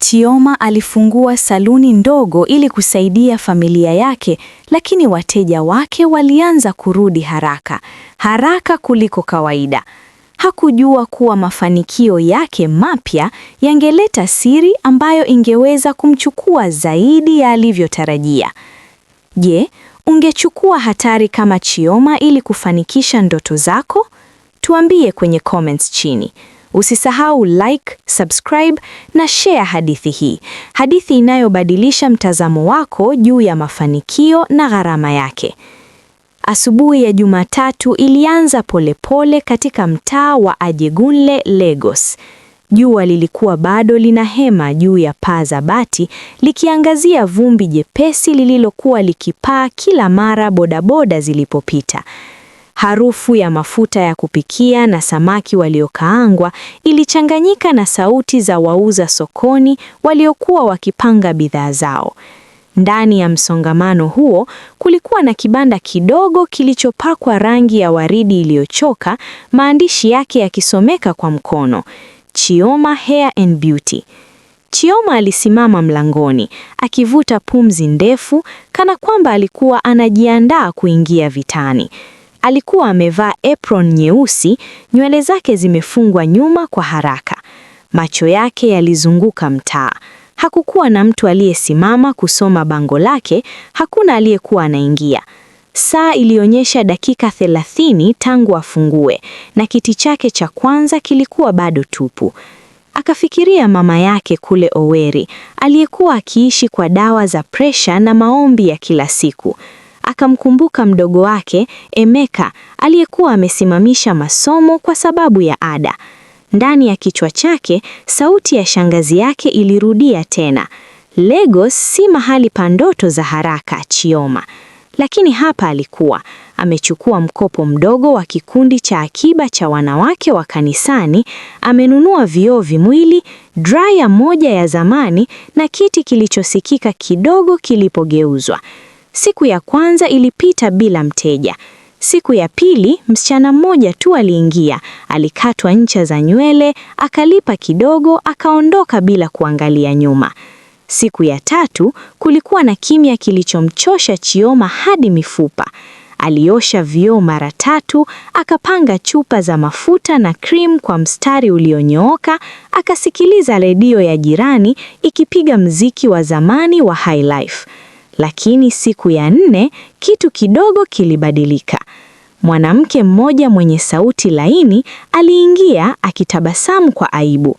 Chioma alifungua saluni ndogo ili kusaidia familia yake, lakini wateja wake walianza kurudi haraka, haraka kuliko kawaida. Hakujua kuwa mafanikio yake mapya yangeleta siri ambayo ingeweza kumchukua zaidi ya alivyotarajia. Je, ungechukua hatari kama Chioma ili kufanikisha ndoto zako? Tuambie kwenye comments chini. Usisahau like, subscribe na share hadithi hii, hadithi inayobadilisha mtazamo wako juu ya mafanikio na gharama yake. Asubuhi ya Jumatatu ilianza polepole pole katika mtaa wa Ajegunle, Lagos. Jua lilikuwa bado lina hema juu ya paa za bati likiangazia vumbi jepesi lililokuwa likipaa kila mara bodaboda zilipopita. Harufu ya mafuta ya kupikia na samaki waliokaangwa ilichanganyika na sauti za wauza sokoni waliokuwa wakipanga bidhaa zao. Ndani ya msongamano huo kulikuwa na kibanda kidogo kilichopakwa rangi ya waridi iliyochoka, maandishi yake yakisomeka kwa mkono, Chioma Hair and Beauty. Chioma alisimama mlangoni, akivuta pumzi ndefu kana kwamba alikuwa anajiandaa kuingia vitani. Alikuwa amevaa apron nyeusi, nywele zake zimefungwa nyuma kwa haraka. Macho yake yalizunguka mtaa. Hakukuwa na mtu aliyesimama kusoma bango lake, hakuna aliyekuwa anaingia. Saa ilionyesha dakika thelathini tangu afungue, na kiti chake cha kwanza kilikuwa bado tupu. Akafikiria mama yake kule Oweri, aliyekuwa akiishi kwa dawa za presha na maombi ya kila siku akamkumbuka mdogo wake Emeka aliyekuwa amesimamisha masomo kwa sababu ya ada. Ndani ya kichwa chake sauti ya shangazi yake ilirudia tena, Lagos si mahali pa ndoto za haraka, Chioma. Lakini hapa alikuwa amechukua mkopo mdogo wa kikundi cha akiba cha wanawake wa kanisani, amenunua vioo viwili, dryer moja ya zamani na kiti kilichosikika kidogo kilipogeuzwa. Siku ya kwanza ilipita bila mteja. Siku ya pili msichana mmoja tu aliingia, alikatwa ncha za nywele, akalipa kidogo, akaondoka bila kuangalia nyuma. Siku ya tatu kulikuwa na kimya kilichomchosha Chioma hadi mifupa. Aliosha vioo mara tatu, akapanga chupa za mafuta na cream kwa mstari ulionyooka, akasikiliza redio ya jirani ikipiga mziki wa zamani wa Life. Lakini siku ya nne kitu kidogo kilibadilika. Mwanamke mmoja mwenye sauti laini aliingia akitabasamu kwa aibu.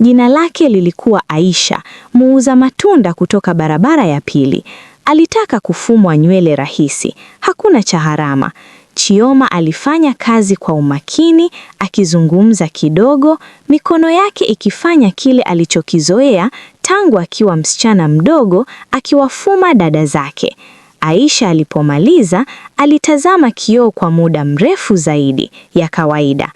Jina lake lilikuwa Aisha, muuza matunda kutoka barabara ya pili. Alitaka kufumwa nywele rahisi, hakuna cha harama. Chioma alifanya kazi kwa umakini, akizungumza kidogo, mikono yake ikifanya kile alichokizoea tangu akiwa msichana mdogo, akiwafuma dada zake. Aisha alipomaliza, alitazama kioo kwa muda mrefu zaidi ya kawaida.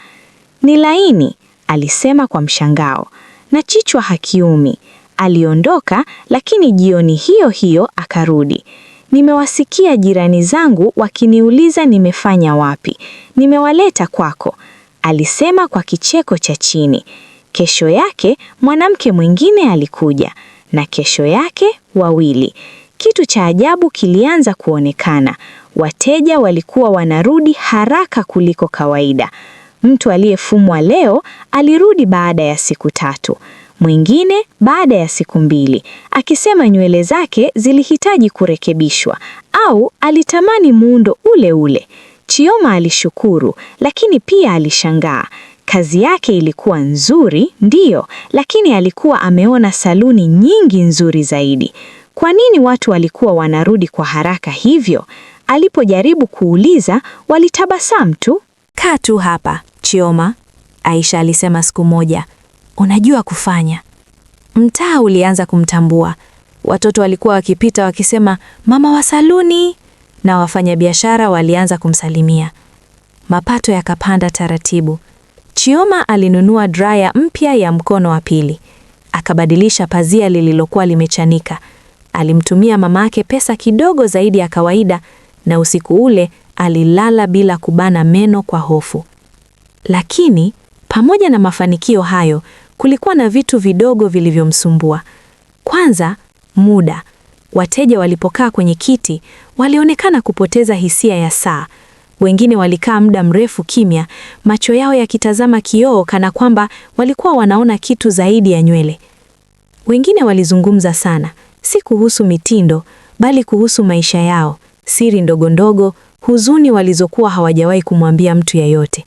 Ni laini, alisema kwa mshangao, na kichwa hakiumi. Aliondoka, lakini jioni hiyo hiyo akarudi. Nimewasikia jirani zangu wakiniuliza nimefanya wapi. Nimewaleta kwako, alisema kwa kicheko cha chini. Kesho yake mwanamke mwingine alikuja na kesho yake wawili. Kitu cha ajabu kilianza kuonekana. Wateja walikuwa wanarudi haraka kuliko kawaida. Mtu aliyefumwa leo alirudi baada ya siku tatu mwingine baada ya siku mbili, akisema nywele zake zilihitaji kurekebishwa au alitamani muundo ule ule. Chioma alishukuru, lakini pia alishangaa. Kazi yake ilikuwa nzuri, ndiyo, lakini alikuwa ameona saluni nyingi nzuri zaidi. Kwa nini watu walikuwa wanarudi kwa haraka hivyo? Alipojaribu kuuliza, walitabasamu tu. Kaa tu hapa Chioma, Aisha alisema siku moja unajua kufanya. Mtaa ulianza kumtambua. Watoto walikuwa wakipita wakisema mama wa saluni, na wafanyabiashara walianza kumsalimia. Mapato yakapanda taratibu. Chioma alinunua draya mpya ya mkono wa pili, akabadilisha pazia lililokuwa limechanika. Alimtumia mamake pesa kidogo zaidi ya kawaida, na usiku ule alilala bila kubana meno kwa hofu. Lakini pamoja na mafanikio hayo kulikuwa na vitu vidogo vilivyomsumbua. Kwanza, muda. Wateja walipokaa kwenye kiti walionekana kupoteza hisia ya saa. Wengine walikaa muda mrefu kimya, macho yao yakitazama kioo kana kwamba walikuwa wanaona kitu zaidi ya nywele. Wengine walizungumza sana, si kuhusu mitindo, bali kuhusu maisha yao, siri ndogondogo, huzuni walizokuwa hawajawahi kumwambia mtu yeyote.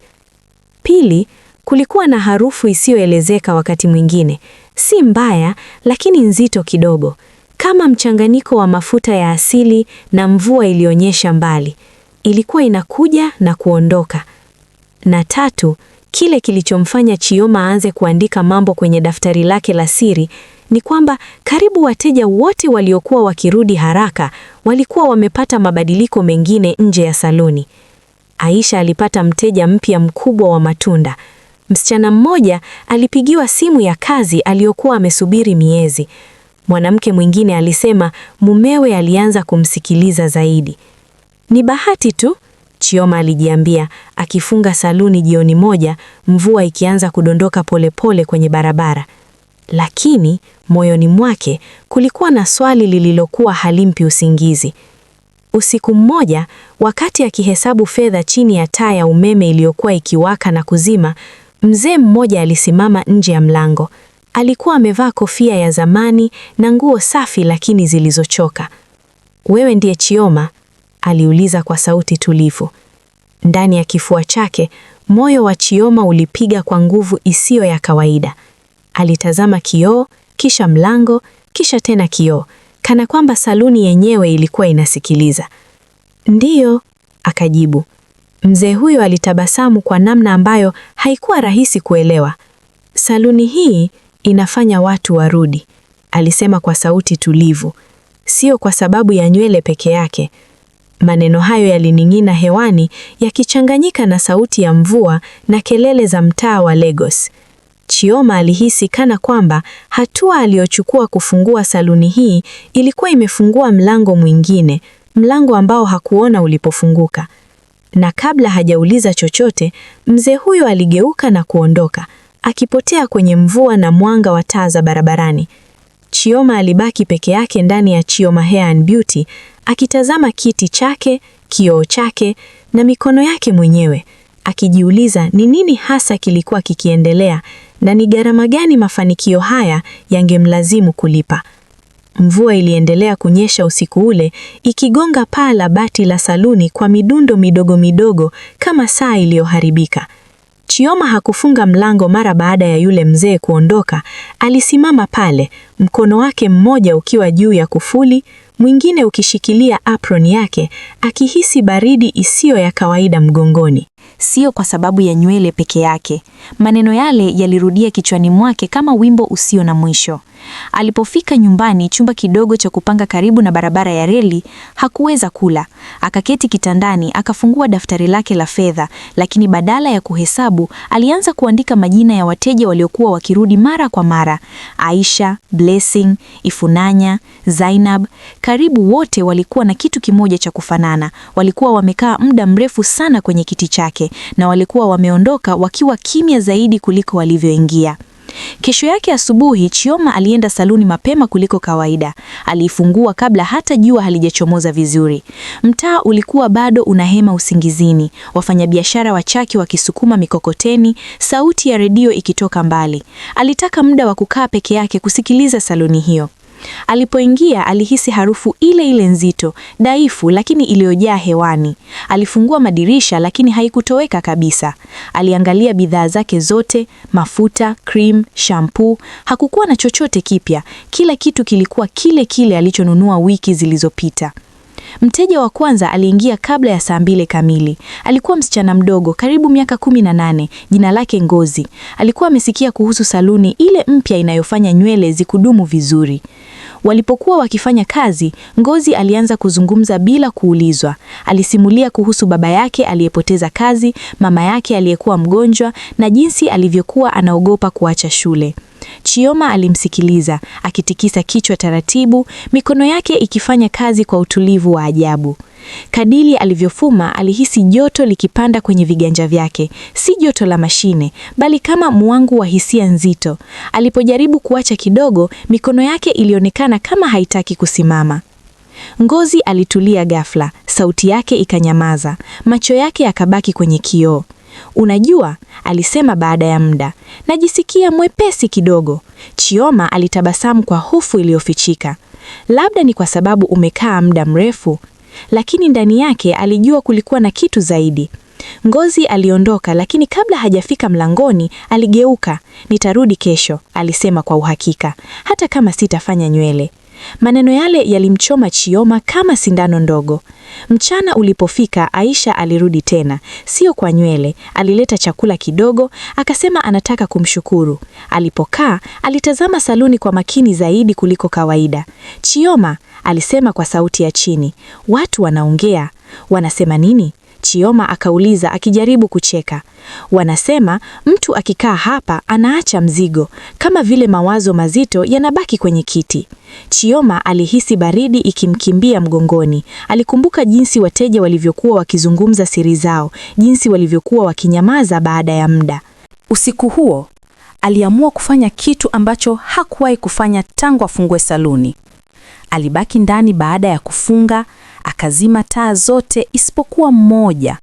Pili, Kulikuwa na harufu isiyoelezeka wakati mwingine, si mbaya, lakini nzito kidogo, kama mchanganyiko wa mafuta ya asili na mvua iliyonyesha mbali. Ilikuwa inakuja na kuondoka. Na tatu, kile kilichomfanya Chioma aanze kuandika mambo kwenye daftari lake la siri ni kwamba karibu wateja wote waliokuwa wakirudi haraka walikuwa wamepata mabadiliko mengine nje ya saluni. Aisha alipata mteja mpya mkubwa wa matunda. Msichana mmoja alipigiwa simu ya kazi aliyokuwa amesubiri miezi. Mwanamke mwingine alisema mumewe alianza kumsikiliza zaidi. Ni bahati tu, Chioma alijiambia, akifunga saluni jioni moja, mvua ikianza kudondoka polepole kwenye barabara. Lakini moyoni mwake kulikuwa na swali lililokuwa halimpi usingizi. Usiku mmoja, wakati akihesabu fedha chini ya taa ya umeme iliyokuwa ikiwaka na kuzima, Mzee mmoja alisimama nje ya mlango. Alikuwa amevaa kofia ya zamani na nguo safi lakini zilizochoka. Wewe ndiye Chioma? aliuliza kwa sauti tulivu. Ndani ya kifua chake, moyo wa Chioma ulipiga kwa nguvu isiyo ya kawaida. Alitazama kioo, kisha mlango, kisha tena kioo, kana kwamba saluni yenyewe ilikuwa inasikiliza. Ndiyo, akajibu. Mzee huyo alitabasamu kwa namna ambayo haikuwa rahisi kuelewa. Saluni hii inafanya watu warudi, alisema kwa sauti tulivu, sio kwa sababu ya nywele peke yake. Maneno hayo yalining'ina hewani yakichanganyika na sauti ya mvua na kelele za mtaa wa Lagos. Chioma alihisi kana kwamba hatua aliyochukua kufungua saluni hii ilikuwa imefungua mlango mwingine, mlango ambao hakuona ulipofunguka na kabla hajauliza chochote, mzee huyo aligeuka na kuondoka, akipotea kwenye mvua na mwanga wa taa za barabarani. Chioma alibaki peke yake ndani ya Chioma Hair and Beauty, akitazama kiti chake, kioo chake na mikono yake mwenyewe, akijiuliza ni nini hasa kilikuwa kikiendelea na ni gharama gani mafanikio haya yangemlazimu kulipa. Mvua iliendelea kunyesha usiku ule, ikigonga paa la bati la saluni kwa midundo midogo midogo kama saa iliyoharibika. Chioma hakufunga mlango mara baada ya yule mzee kuondoka. Alisimama pale, mkono wake mmoja ukiwa juu ya kufuli, mwingine ukishikilia apron yake, akihisi baridi isiyo ya kawaida mgongoni sio kwa sababu ya nywele peke yake. Maneno yale yalirudia kichwani mwake kama wimbo usio na mwisho. Alipofika nyumbani, chumba kidogo cha kupanga karibu na barabara ya reli, hakuweza kula. Akaketi kitandani, akafungua daftari lake la fedha, lakini badala ya kuhesabu, alianza kuandika majina ya wateja waliokuwa wakirudi mara kwa mara: Aisha, Blessing, Ifunanya, Zainab, karibu wote walikuwa na kitu kimoja cha kufanana. Walikuwa wamekaa muda mrefu sana kwenye kiti chake na walikuwa wameondoka wakiwa kimya zaidi kuliko walivyoingia. Kesho yake asubuhi, Chioma alienda saluni mapema kuliko kawaida. Aliifungua kabla hata jua halijachomoza vizuri. Mtaa ulikuwa bado unahema usingizini, wafanyabiashara wachache wakisukuma mikokoteni, sauti ya redio ikitoka mbali. Alitaka muda wa kukaa peke yake kusikiliza saluni hiyo. Alipoingia alihisi harufu ile ile nzito, dhaifu lakini iliyojaa hewani. Alifungua madirisha lakini haikutoweka kabisa. Aliangalia bidhaa zake zote, mafuta, cream, shampoo, hakukuwa na chochote kipya. Kila kitu kilikuwa kile kile alichonunua wiki zilizopita. Mteja wa kwanza aliingia kabla ya saa mbili kamili. Alikuwa msichana mdogo, karibu miaka kumi na nane, jina lake Ngozi. Alikuwa amesikia kuhusu saluni ile mpya inayofanya nywele zikudumu vizuri. Walipokuwa wakifanya kazi, Ngozi alianza kuzungumza bila kuulizwa. Alisimulia kuhusu baba yake aliyepoteza kazi, mama yake aliyekuwa mgonjwa na jinsi alivyokuwa anaogopa kuacha shule. Chioma alimsikiliza akitikisa kichwa taratibu, mikono yake ikifanya kazi kwa utulivu wa ajabu. Kadili alivyofuma alihisi joto likipanda kwenye viganja vyake, si joto la mashine, bali kama mwangu wa hisia nzito. Alipojaribu kuacha kidogo, mikono yake ilionekana kama haitaki kusimama. Ngozi alitulia ghafla, sauti yake ikanyamaza, macho yake yakabaki kwenye kioo. Unajua, alisema baada ya muda, najisikia mwepesi kidogo. Chioma alitabasamu kwa hofu iliyofichika. Labda ni kwa sababu umekaa muda mrefu, lakini ndani yake alijua kulikuwa na kitu zaidi. Ngozi aliondoka, lakini kabla hajafika mlangoni aligeuka. Nitarudi kesho, alisema kwa uhakika, hata kama sitafanya nywele. Maneno yale yalimchoma Chioma kama sindano ndogo. Mchana ulipofika, Aisha alirudi tena, sio kwa nywele. Alileta chakula kidogo, akasema anataka kumshukuru. Alipokaa, alitazama saluni kwa makini zaidi kuliko kawaida. Chioma alisema kwa sauti ya chini, watu wanaongea, wanasema nini? Chioma akauliza akijaribu kucheka. Wanasema mtu akikaa hapa anaacha mzigo, kama vile mawazo mazito yanabaki kwenye kiti. Chioma alihisi baridi ikimkimbia mgongoni. Alikumbuka jinsi wateja walivyokuwa wakizungumza siri zao, jinsi walivyokuwa wakinyamaza baada ya muda. Usiku huo aliamua kufanya kitu ambacho hakuwahi kufanya tangu afungue saluni. Alibaki ndani baada ya kufunga akazima taa zote isipokuwa mmoja.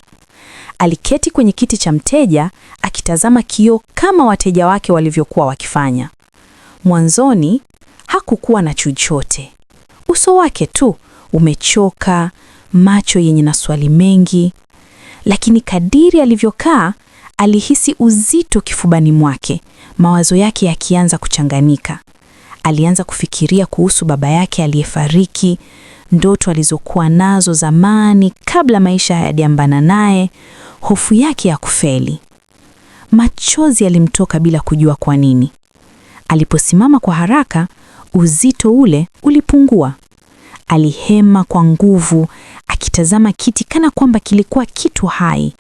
Aliketi kwenye kiti cha mteja akitazama kioo kama wateja wake walivyokuwa wakifanya. Mwanzoni hakukuwa na chochote, uso wake tu umechoka, macho yenye maswali mengi. Lakini kadiri alivyokaa, alihisi uzito kifubani mwake, mawazo yake yakianza kuchanganyika. Alianza kufikiria kuhusu baba yake aliyefariki, ndoto alizokuwa nazo zamani kabla maisha hayajambana naye, hofu yake ya kufeli. Machozi alimtoka bila kujua kwa nini. Aliposimama kwa haraka, uzito ule ulipungua. Alihema kwa nguvu, akitazama kiti kana kwamba kilikuwa kitu hai.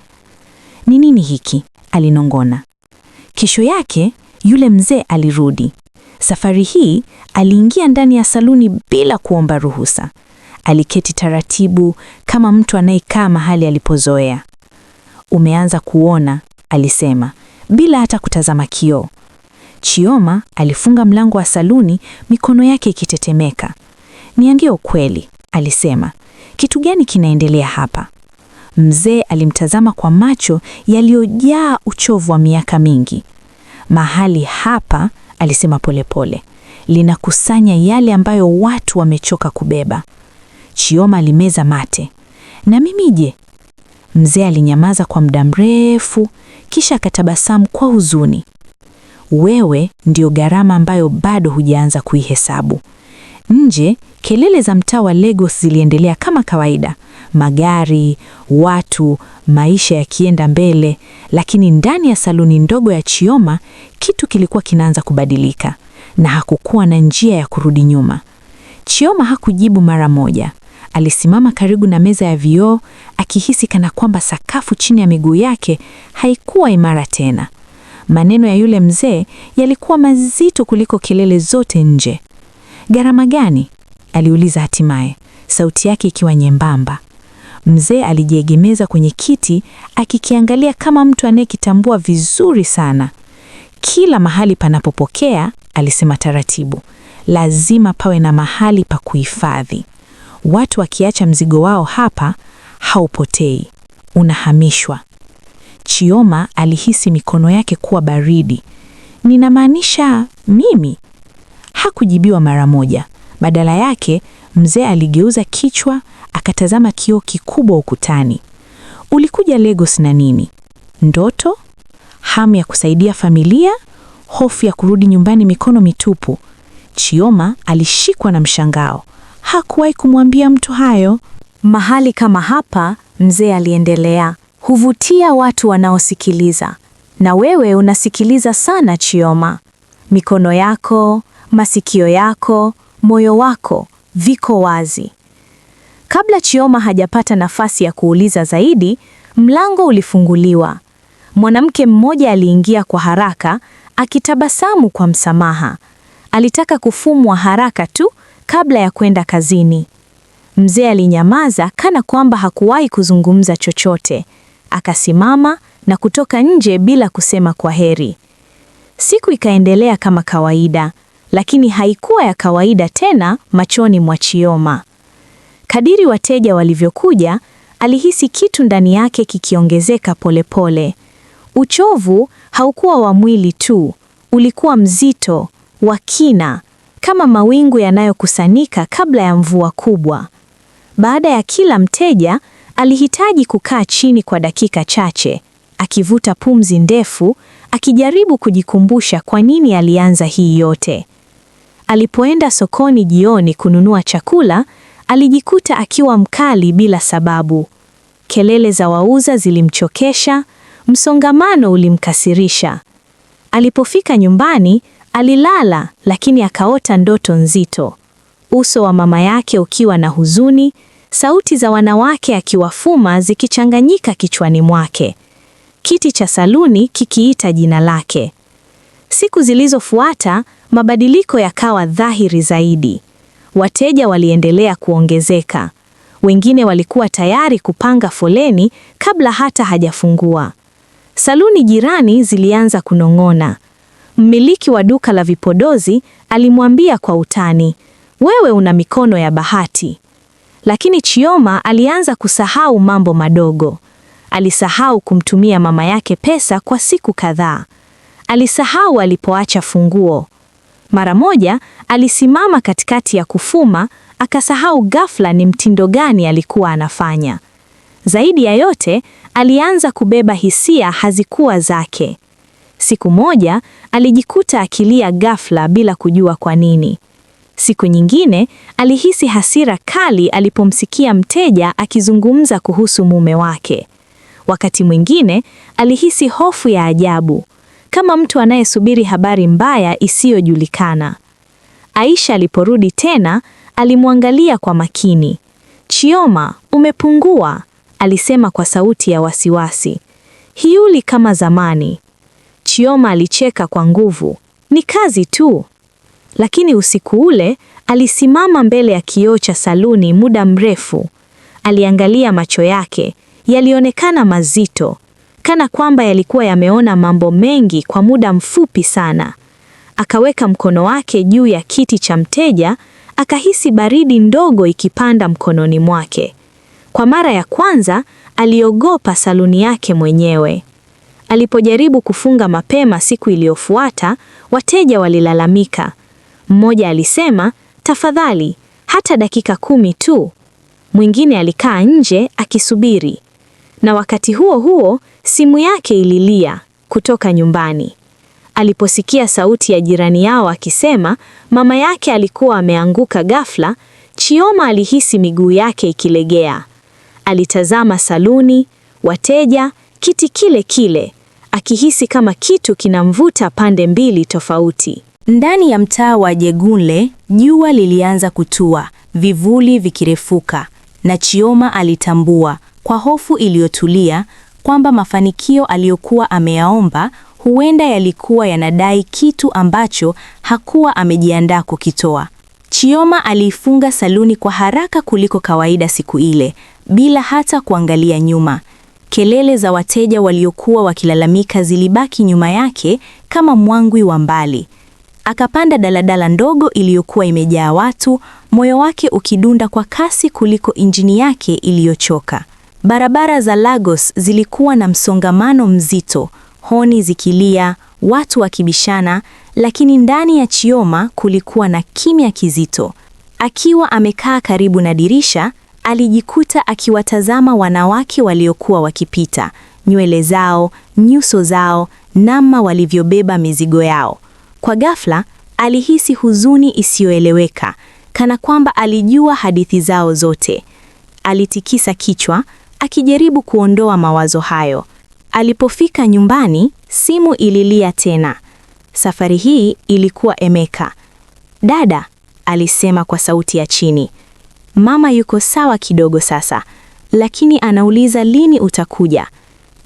Ni nini hiki? alinong'ona. Kesho yake yule mzee alirudi. Safari hii aliingia ndani ya saluni bila kuomba ruhusa. Aliketi taratibu kama mtu anayekaa mahali alipozoea. Umeanza kuona, alisema bila hata kutazama kioo. Chioma alifunga mlango wa saluni, mikono yake ikitetemeka. Niambie ukweli, alisema, kitu gani kinaendelea hapa? Mzee alimtazama kwa macho yaliyojaa uchovu wa miaka mingi. Mahali hapa, alisema polepole, linakusanya yale ambayo watu wamechoka kubeba. Chioma alimeza mate. Na mimi je? Mzee alinyamaza kwa muda mrefu, kisha akatabasamu kwa huzuni. Wewe ndio gharama ambayo bado hujaanza kuihesabu. Nje, kelele za mtaa wa Lagos ziliendelea kama kawaida, magari, watu, maisha yakienda mbele, lakini ndani ya saluni ndogo ya Chioma kitu kilikuwa kinaanza kubadilika, na hakukuwa na njia ya kurudi nyuma. Chioma hakujibu mara moja, Alisimama karibu na meza ya vioo akihisi kana kwamba sakafu chini ya miguu yake haikuwa imara tena. Maneno ya yule mzee yalikuwa mazito kuliko kelele zote nje. Gharama gani? aliuliza hatimaye, sauti yake ikiwa nyembamba. Mzee alijiegemeza kwenye kiti akikiangalia kama mtu anayekitambua vizuri sana. Kila mahali panapopokea, alisema taratibu, lazima pawe na mahali pa kuhifadhi. Watu wakiacha mzigo wao hapa, haupotei, unahamishwa. Chioma alihisi mikono yake kuwa baridi. Ninamaanisha mimi? Hakujibiwa mara moja. Badala yake, mzee aligeuza kichwa, akatazama kioo kikubwa ukutani. Ulikuja Lagos na nini? Ndoto? Hamu ya kusaidia familia? Hofu ya kurudi nyumbani mikono mitupu? Chioma alishikwa na mshangao hakuwahi kumwambia mtu hayo. Mahali kama hapa, mzee aliendelea, huvutia watu wanaosikiliza, na wewe unasikiliza sana Chioma. Mikono yako, masikio yako, moyo wako viko wazi. Kabla Chioma hajapata nafasi ya kuuliza zaidi, mlango ulifunguliwa. Mwanamke mmoja aliingia kwa haraka, akitabasamu kwa msamaha. Alitaka kufumwa haraka tu kabla ya kwenda kazini. Mzee alinyamaza kana kwamba hakuwahi kuzungumza chochote. Akasimama na kutoka nje bila kusema kwa heri. Siku ikaendelea kama kawaida, lakini haikuwa ya kawaida tena machoni mwa Chioma. Kadiri wateja walivyokuja, alihisi kitu ndani yake kikiongezeka polepole. Uchovu haukuwa wa mwili tu, ulikuwa mzito, wa kina, kama mawingu yanayokusanyika kabla ya mvua kubwa. Baada ya kila mteja, alihitaji kukaa chini kwa dakika chache, akivuta pumzi ndefu, akijaribu kujikumbusha kwa nini alianza hii yote. Alipoenda sokoni jioni kununua chakula, alijikuta akiwa mkali bila sababu. Kelele za wauza zilimchokesha, msongamano ulimkasirisha. Alipofika nyumbani, Alilala lakini akaota ndoto nzito, uso wa mama yake ukiwa na huzuni, sauti za wanawake akiwafuma zikichanganyika kichwani mwake, kiti cha saluni kikiita jina lake. Siku zilizofuata mabadiliko yakawa dhahiri zaidi. Wateja waliendelea kuongezeka, wengine walikuwa tayari kupanga foleni kabla hata hajafungua. Saluni jirani zilianza kunong'ona, Mmiliki wa duka la vipodozi alimwambia kwa utani, wewe una mikono ya bahati. Lakini Chioma alianza kusahau mambo madogo. Alisahau kumtumia mama yake pesa kwa siku kadhaa. Alisahau alipoacha funguo. Mara moja alisimama katikati ya kufuma, akasahau ghafla ni mtindo gani alikuwa anafanya. Zaidi ya yote, alianza kubeba hisia hazikuwa zake. Siku moja alijikuta akilia ghafla bila kujua kwa nini. Siku nyingine alihisi hasira kali alipomsikia mteja akizungumza kuhusu mume wake. Wakati mwingine alihisi hofu ya ajabu, kama mtu anayesubiri habari mbaya isiyojulikana. Aisha aliporudi tena, alimwangalia kwa makini. Chioma, umepungua, alisema kwa sauti ya wasiwasi. Hiuli kama zamani. Chioma alicheka kwa nguvu. Ni kazi tu. Lakini usiku ule alisimama mbele ya kioo cha saluni muda mrefu. Aliangalia macho yake, yalionekana mazito, kana kwamba yalikuwa yameona mambo mengi kwa muda mfupi sana. Akaweka mkono wake juu ya kiti cha mteja, akahisi baridi ndogo ikipanda mkononi mwake. Kwa mara ya kwanza aliogopa saluni yake mwenyewe. Alipojaribu kufunga mapema siku iliyofuata, wateja walilalamika. Mmoja alisema, tafadhali hata dakika kumi tu. Mwingine alikaa nje akisubiri, na wakati huo huo simu yake ililia kutoka nyumbani. Aliposikia sauti ya jirani yao akisema mama yake alikuwa ameanguka ghafla, Chioma alihisi miguu yake ikilegea. Alitazama saluni, wateja, kiti kile kile, akihisi kama kitu kinamvuta pande mbili tofauti. Ndani ya mtaa wa Jegunle, jua lilianza kutua, vivuli vikirefuka, na Chioma alitambua kwa hofu iliyotulia kwamba mafanikio aliyokuwa ameyaomba huenda yalikuwa yanadai kitu ambacho hakuwa amejiandaa kukitoa. Chioma aliifunga saluni kwa haraka kuliko kawaida siku ile, bila hata kuangalia nyuma. Kelele za wateja waliokuwa wakilalamika zilibaki nyuma yake kama mwangwi wa mbali. Akapanda daladala ndogo iliyokuwa imejaa watu, moyo wake ukidunda kwa kasi kuliko injini yake iliyochoka. Barabara za Lagos zilikuwa na msongamano mzito, honi zikilia, watu wakibishana, lakini ndani ya Chioma kulikuwa na kimya kizito. Akiwa amekaa karibu na dirisha alijikuta akiwatazama wanawake waliokuwa wakipita, nywele zao, nyuso zao, namna walivyobeba mizigo yao. Kwa ghafla alihisi huzuni isiyoeleweka, kana kwamba alijua hadithi zao zote. Alitikisa kichwa akijaribu kuondoa mawazo hayo. Alipofika nyumbani, simu ililia tena. Safari hii ilikuwa Emeka. Dada, alisema kwa sauti ya chini. Mama yuko sawa kidogo sasa, lakini anauliza lini utakuja.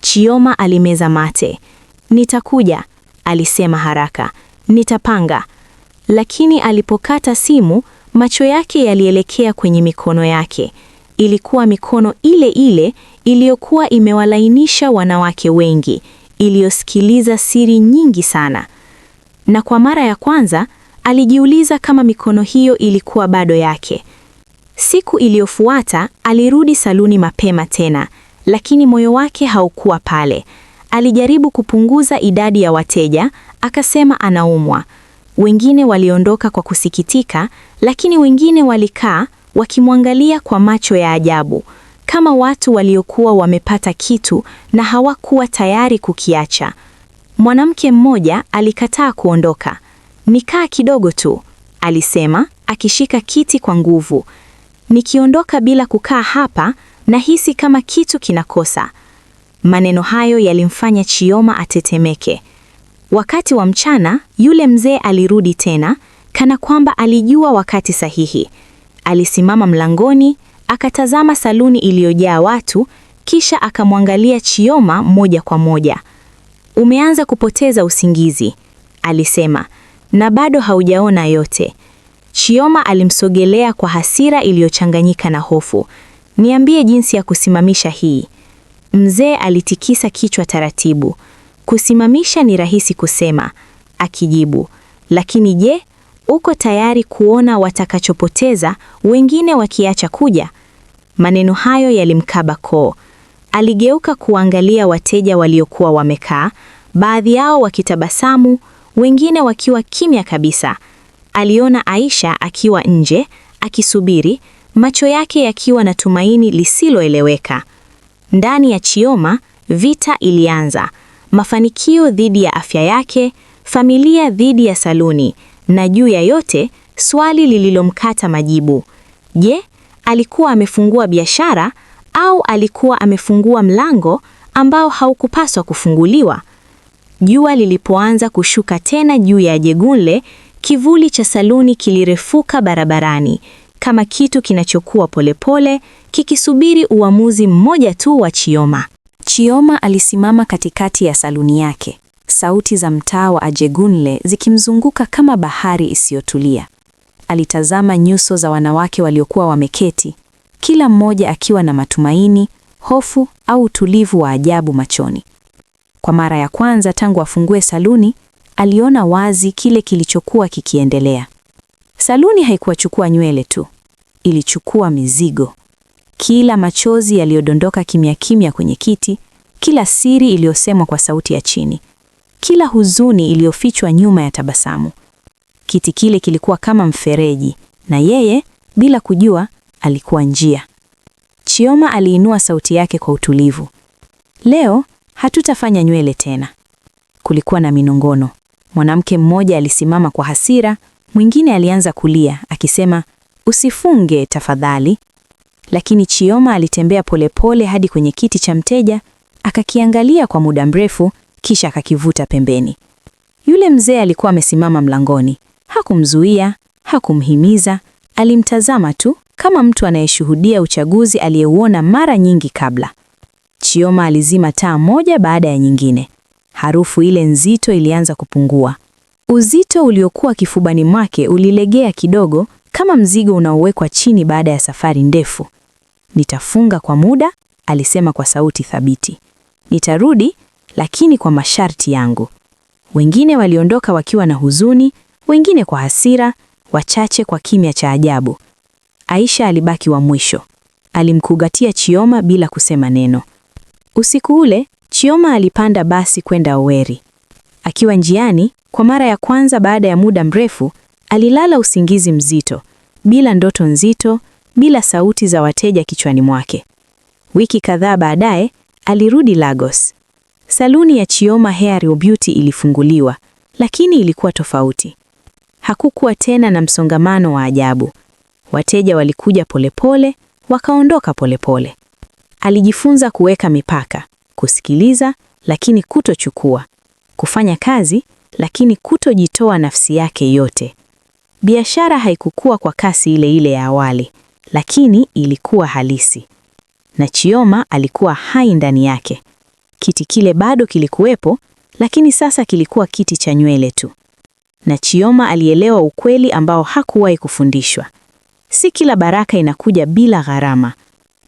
Chioma alimeza mate. Nitakuja, alisema haraka, nitapanga. Lakini alipokata simu, macho yake yalielekea kwenye mikono yake. Ilikuwa mikono ile ile iliyokuwa imewalainisha wanawake wengi, iliyosikiliza siri nyingi sana. Na kwa mara ya kwanza alijiuliza kama mikono hiyo ilikuwa bado yake. Siku iliyofuata alirudi saluni mapema tena, lakini moyo wake haukuwa pale. Alijaribu kupunguza idadi ya wateja, akasema anaumwa. Wengine waliondoka kwa kusikitika, lakini wengine walikaa wakimwangalia kwa macho ya ajabu, kama watu waliokuwa wamepata kitu na hawakuwa tayari kukiacha. Mwanamke mmoja alikataa kuondoka. Nikaa kidogo tu, alisema akishika kiti kwa nguvu nikiondoka bila kukaa hapa, nahisi kama kitu kinakosa. Maneno hayo yalimfanya Chioma atetemeke. Wakati wa mchana yule mzee alirudi tena, kana kwamba alijua wakati sahihi. Alisimama mlangoni, akatazama saluni iliyojaa watu, kisha akamwangalia Chioma moja kwa moja. Umeanza kupoteza usingizi, alisema, na bado haujaona yote. Chioma alimsogelea kwa hasira iliyochanganyika na hofu. Niambie jinsi ya kusimamisha hii. Mzee alitikisa kichwa taratibu. Kusimamisha ni rahisi kusema, akijibu. Lakini je, uko tayari kuona watakachopoteza wengine wakiacha kuja? Maneno hayo yalimkaba koo. Aligeuka kuangalia wateja waliokuwa wamekaa, baadhi yao wakitabasamu, wengine wakiwa kimya kabisa aliona Aisha akiwa nje akisubiri, macho yake yakiwa na tumaini lisiloeleweka. Ndani ya Chioma vita ilianza, mafanikio dhidi ya afya yake, familia dhidi ya saluni, na juu ya yote swali lililomkata majibu. Je, alikuwa amefungua biashara au alikuwa amefungua mlango ambao haukupaswa kufunguliwa? Jua lilipoanza kushuka tena juu ya jegunle Kivuli cha saluni kilirefuka barabarani kama kitu kinachokuwa polepole kikisubiri uamuzi mmoja tu wa Chioma. Chioma alisimama katikati ya saluni yake, sauti za mtaa wa Ajegunle zikimzunguka kama bahari isiyotulia. Alitazama nyuso za wanawake waliokuwa wameketi, kila mmoja akiwa na matumaini, hofu au utulivu wa ajabu machoni. Kwa mara ya kwanza tangu afungue saluni, aliona wazi kile kilichokuwa kikiendelea. Saluni haikuwachukua nywele tu, ilichukua mizigo. Kila machozi yaliyodondoka kimya kimya kwenye kiti, kila siri iliyosemwa kwa sauti ya chini, kila huzuni iliyofichwa nyuma ya tabasamu. Kiti kile kilikuwa kama mfereji, na yeye bila kujua alikuwa njia. Chioma aliinua sauti yake kwa utulivu. Leo hatutafanya nywele tena. Kulikuwa na minongono. Mwanamke mmoja alisimama kwa hasira, mwingine alianza kulia akisema, usifunge tafadhali. Lakini Chioma alitembea polepole hadi kwenye kiti cha mteja, akakiangalia kwa muda mrefu, kisha akakivuta pembeni. Yule mzee alikuwa amesimama mlangoni, hakumzuia, hakumhimiza, alimtazama tu kama mtu anayeshuhudia uchaguzi aliyeuona mara nyingi kabla. Chioma alizima taa moja baada ya nyingine. Harufu ile nzito ilianza kupungua. Uzito uliokuwa kifubani mwake ulilegea kidogo, kama mzigo unaowekwa chini baada ya safari ndefu. Nitafunga kwa muda, alisema kwa sauti thabiti. Nitarudi, lakini kwa masharti yangu. Wengine waliondoka wakiwa na huzuni, wengine kwa hasira, wachache kwa kimya cha ajabu. Aisha alibaki wa mwisho. Alimkugatia Chioma bila kusema neno. Usiku ule Chioma alipanda basi kwenda Oweri. Akiwa njiani, kwa mara ya kwanza baada ya muda mrefu, alilala usingizi mzito, bila ndoto nzito, bila sauti za wateja kichwani mwake. Wiki kadhaa baadaye, alirudi Lagos. Saluni ya Chioma Hair Beauty ilifunguliwa, lakini ilikuwa tofauti. Hakukuwa tena na msongamano wa ajabu. Wateja walikuja polepole, wakaondoka polepole. Alijifunza kuweka mipaka kusikiliza lakini kutochukua, kufanya kazi lakini kutojitoa nafsi yake yote. Biashara haikukua kwa kasi ile ile ya awali, lakini ilikuwa halisi, na Chioma alikuwa hai ndani yake. Kiti kile bado kilikuwepo, lakini sasa kilikuwa kiti cha nywele tu, na Chioma alielewa ukweli ambao hakuwahi kufundishwa: si kila baraka inakuja bila gharama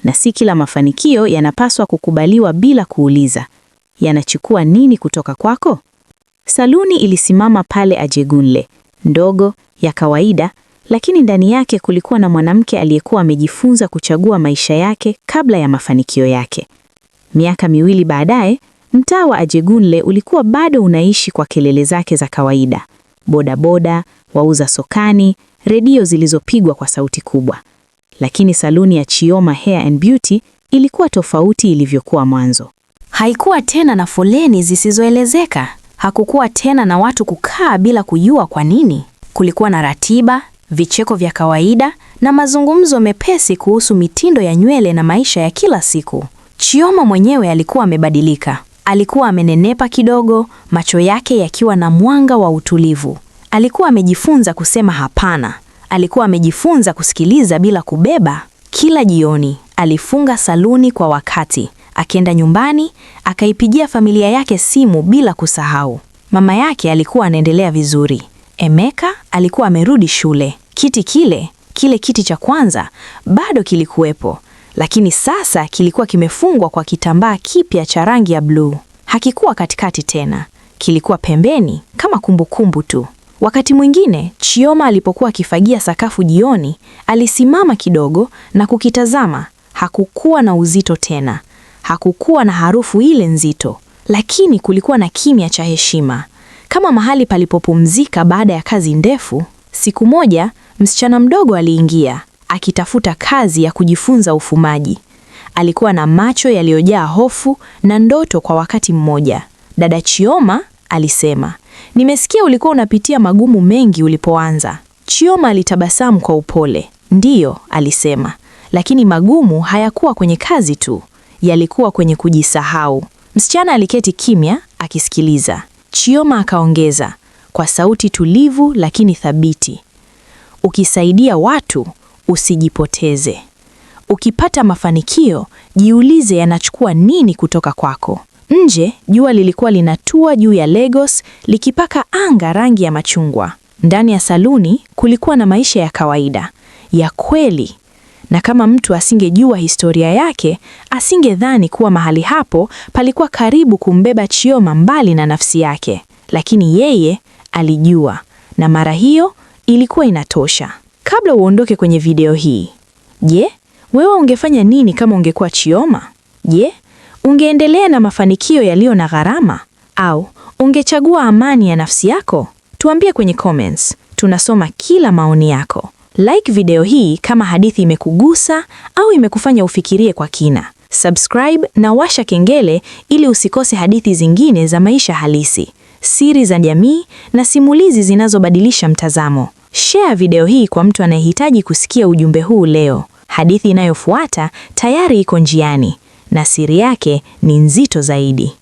na si kila mafanikio yanapaswa kukubaliwa bila kuuliza yanachukua nini kutoka kwako. Saluni ilisimama pale Ajegunle, ndogo ya kawaida, lakini ndani yake kulikuwa na mwanamke aliyekuwa amejifunza kuchagua maisha yake kabla ya mafanikio yake. Miaka miwili baadaye, mtaa wa Ajegunle ulikuwa bado unaishi kwa kelele zake za kawaida: bodaboda, wauza sokani, redio zilizopigwa kwa sauti kubwa lakini saluni ya Chioma Hair and Beauty ilikuwa tofauti ilivyokuwa mwanzo. Haikuwa tena na foleni zisizoelezeka, hakukuwa tena na watu kukaa bila kujua kwa nini. Kulikuwa na ratiba, vicheko vya kawaida na mazungumzo mepesi kuhusu mitindo ya nywele na maisha ya kila siku. Chioma mwenyewe alikuwa amebadilika. Alikuwa amenenepa kidogo, macho yake yakiwa na mwanga wa utulivu. Alikuwa amejifunza kusema hapana alikuwa amejifunza kusikiliza bila kubeba. Kila jioni alifunga saluni kwa wakati, akienda nyumbani akaipigia familia yake simu bila kusahau. Mama yake alikuwa anaendelea vizuri. Emeka alikuwa amerudi shule. Kiti kile kile kiti cha kwanza bado kilikuwepo, lakini sasa kilikuwa kimefungwa kwa kitambaa kipya cha rangi ya bluu. Hakikuwa katikati tena, kilikuwa pembeni kama kumbukumbu tu. Wakati mwingine Chioma alipokuwa akifagia sakafu jioni, alisimama kidogo na kukitazama. Hakukuwa na uzito tena, hakukuwa na harufu ile nzito, lakini kulikuwa na kimya cha heshima, kama mahali palipopumzika baada ya kazi ndefu. Siku moja msichana mdogo aliingia akitafuta kazi ya kujifunza ufumaji. Alikuwa na macho yaliyojaa hofu na ndoto kwa wakati mmoja. Dada Chioma alisema, Nimesikia ulikuwa unapitia magumu mengi ulipoanza. Chioma alitabasamu kwa upole. Ndiyo, alisema, lakini magumu hayakuwa kwenye kazi tu, yalikuwa kwenye kujisahau. Msichana aliketi kimya akisikiliza. Chioma akaongeza kwa sauti tulivu lakini thabiti, ukisaidia watu usijipoteze. Ukipata mafanikio, jiulize yanachukua nini kutoka kwako. Nje jua lilikuwa linatua juu ya Lagos likipaka anga rangi ya machungwa. Ndani ya saluni kulikuwa na maisha ya kawaida ya kweli, na kama mtu asingejua historia yake asingedhani kuwa mahali hapo palikuwa karibu kumbeba Chioma mbali na nafsi yake, lakini yeye alijua, na mara hiyo ilikuwa inatosha. Kabla uondoke kwenye video hii, je, wewe ungefanya nini kama ungekuwa Chioma? Je, Ungeendelea na mafanikio yaliyo na gharama au ungechagua amani ya nafsi yako? Tuambie kwenye comments. Tunasoma kila maoni yako. Like video hii kama hadithi imekugusa au imekufanya ufikirie kwa kina. Subscribe na washa kengele ili usikose hadithi zingine za maisha halisi, siri za jamii na simulizi zinazobadilisha mtazamo. Share video hii kwa mtu anayehitaji kusikia ujumbe huu leo. Hadithi inayofuata tayari iko njiani na siri yake ni nzito zaidi.